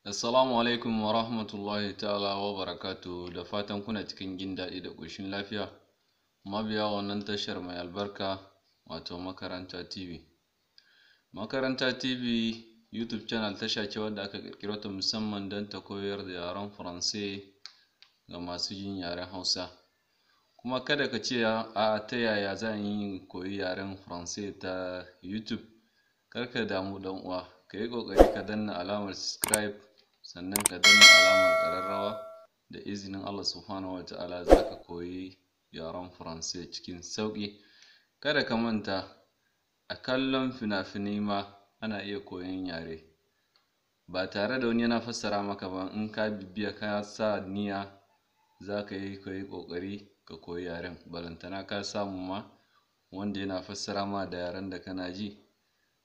Assalamu alaikum wa rahmatullahi ta'ala wa barakatu da fatan kuna cikin jin daɗi da ƙoshin lafiya. Mabiya wannan tashar mai albarka wato Makaranta TV. Makaranta TV YouTube channel tasha ce wadda aka ƙirƙiro ta musamman don ta koyar da yaren Faransai ga masu jin yaren Hausa. Kuma kada ka ce a ta yaya zan yi koyi yaren Faransai ta YouTube. Kar ka damu dan uwa, ka yi ƙoƙari ka danna alamar subscribe sannan ka danna alamar ƙararrawa da izinin Allah subhanahu wa za ka koyi yaren Faransai cikin sauƙi kada ka manta a kallon fina-finai ma ana iya koyon yare ba tare da wani yana fassara maka ba in ka bibiya ka sa niyya za ka yi ka ƙoƙari ka koyi yaren balantana ka samu ma wanda yana fassara ma da yaren da kana ji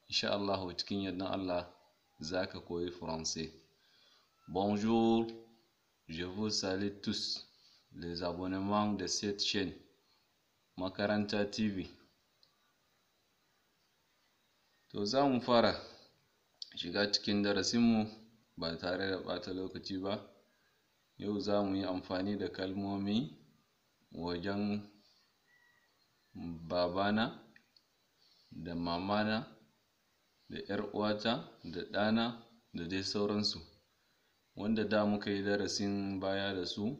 insha Allahu cikin yardan Allah za ka koyi Faransai Bonjour, je vous salue tous les abonnements de cette chaîne Makaranta TV. To za mu fara shiga cikin darasinmu ba tare da ɓata lokaci ba. Yau za mu yi amfani da kalmomi wajen babana da mamana da 'yar uwata da ɗana da dai sauransu. wanda da muka yi darasin baya da su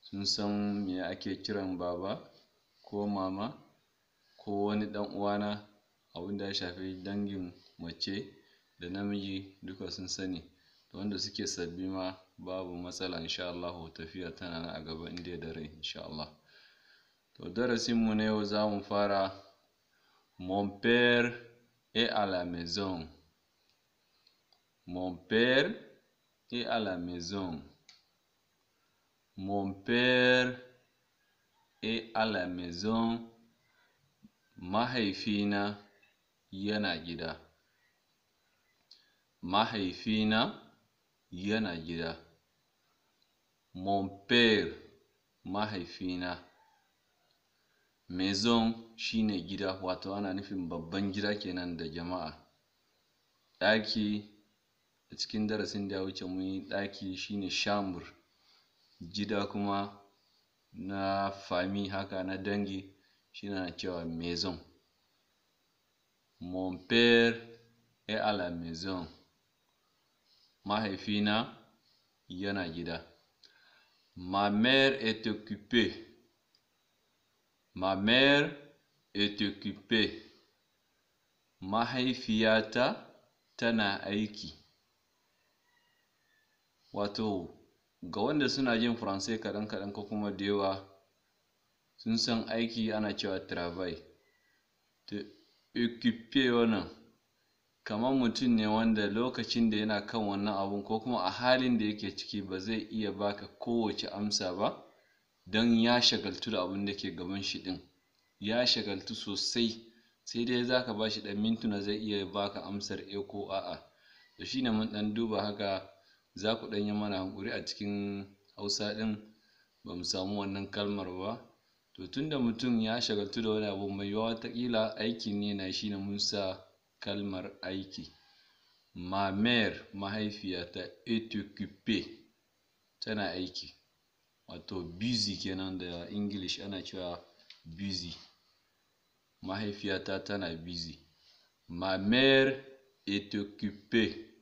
sun san me ake kiran baba ko mama ko wani ɗan uwana abin da ya shafi dangin mace da namiji duka sun sani da wanda suke sabbi ma babu matsala insha Allah tafiya tana nan a gaba inda da rai insha Allah to darasin mu na yau za mu fara mon père et à la maison mon père et à la maison. Mon père est à la maison. Mahaifina yana gida. Mahaifina yana gida. Mon père mahaifina. Maison shine gida wato ana nufin babban gida kenan da jama'a. Ɗaki a cikin darasin da ya wuce mun yi ɗaki shine shamur gida kuma na fami haka na dangi shine na cewa maison mon père est à la maison mahaifina yana gida ma mère est occupée ma mère est occupée mahaifiyata tana aiki wato ga wanda suna jin Faransai kaɗan kaɗan ko kuma da yawa sun san aiki ana cewa travail to occupe wannan kamar mutum ne wanda lokacin da yana kan wannan abun ko kuma a halin da yake ciki ba zai iya baka kowace amsa ba don ya shagaltu da abun da ke gaban shi ɗin ya shagaltu sosai sai dai za ka ba shi ɗan mintuna zai iya baka amsar eko a'a to shine mun ɗan duba haka za ku ɗan yi mana haƙuri a cikin hausa ɗin ba mu samu wannan kalmar ba to tunda mutum ya shagaltu da wani abu mai yawa watakila aiki ne na shi ne mun sa kalmar aiki ma mère ta est occupée tana aiki wato busy kenan da english ana cewa busy mahaifiyata tana busy ma mère est occupée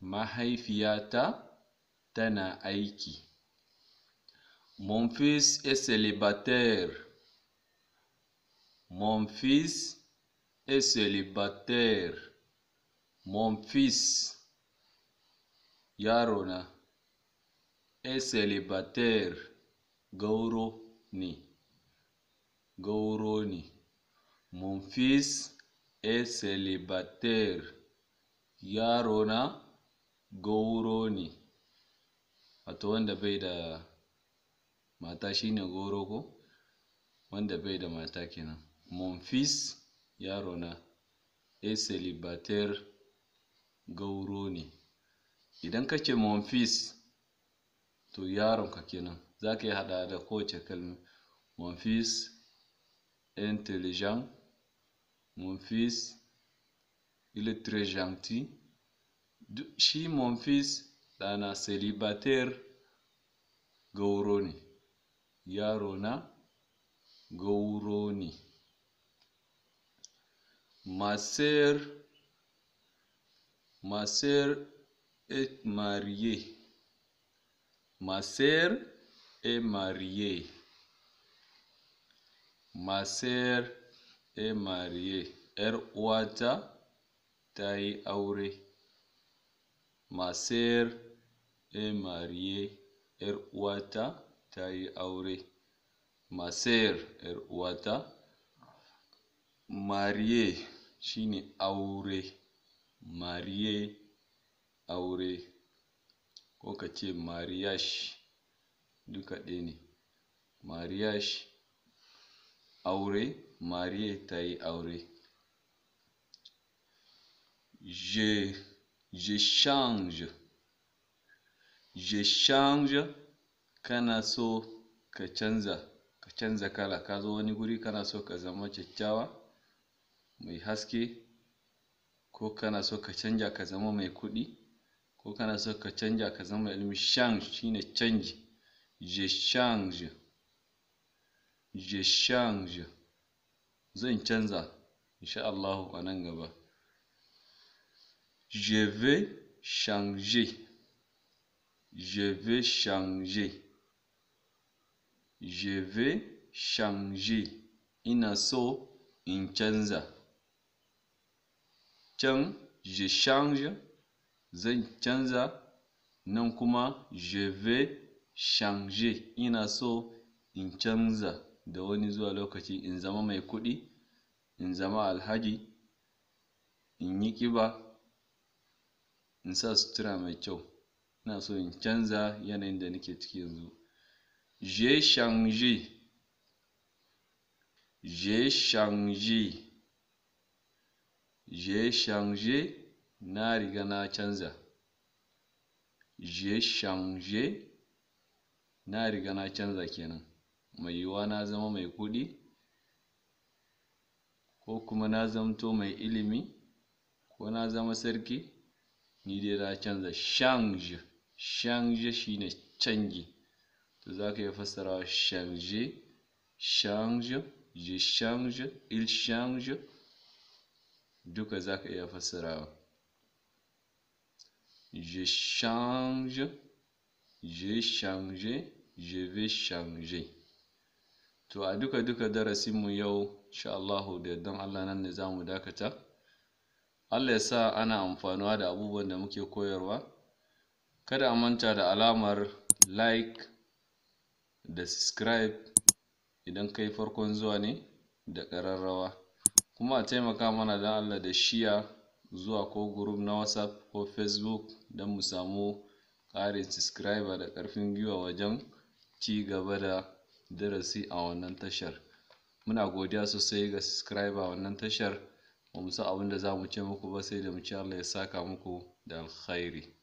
mahaifiyata tana aiki. Mon fils est célibataire. Mon fils est célibataire. Mon fils yarona est célibataire. Gauro ni. Gauro ni. Mon fils est célibataire. Yarona goro ne wato wanda bai da mata shine goro ko wanda bai da mata kenan mon fils yaro na est célibataire goro ne idan ka ce mon fils to yaronka kenan za ka yi haɗa da kowace kalma mon fils intelligent mon fils gentil shi monfis ɗana celibatar gauro ne yaro na gauro ne maser maser est mariée ma yar uwata ta yi aure Maser e marie ’yar uwata ta yi aure. Maser ’yar uwata. marie shi ne aure, marie aure ko ka ce mariage duka ɗaya ne. aure, marie ta yi aure. Je Je change. Je change. Kana so ka canza. Ka canza kala. Ka zo wani guri kana so ka zama kyakkyawa, mai haske, ko kana so ka canja ka zama mai kuɗi, ko kana so ka canja ka zama ilimi. Change ne canji. Je change. Je change. Zan canza. Insha Allahu a nan gaba. Je vais changer. Je vais changer. Je changer. Ina so in canza. Can je change. Zan canza. Nan kuma je shanje changer. Ina so in canza da wani zuwa lokaci in zama mai kuɗi, in zama alhaji, in yi ƙiba. in sa sutura mai kyau ina so in canza yanayin da nake ciki yanzu j'ai changé j'ai changé j'ai changé na riga na canza j'ai changé na riga na canza kenan mai yiwuwa na zama mai kuɗi ko kuma na zamto mai ilimi ko na zama sarki ni dai na canza change change shine canji to za ka iya fassarawa change change je change il change duka za ka iya fassarawa je change je change je vais changer to a duka duka darasinmu yau insha Allahu da dan Allah nan ne za mu dakata Allah ya sa ana amfanuwa da abubuwan da muke koyarwa kada a manta da alamar like da subscribe idan kai farkon zuwa ne da ƙararrawa kuma a taimaka mana don Allah da shiya zuwa ko group na whatsapp ko facebook don mu samu ƙarin subscriber da ƙarfin gwiwa wajen ci gaba da darasi a wannan tashar muna godiya sosai ga subscriber wannan tashar ba mu san abin da za mu ce muku ba sai da mu ci Allah ya saka muku da alkhairi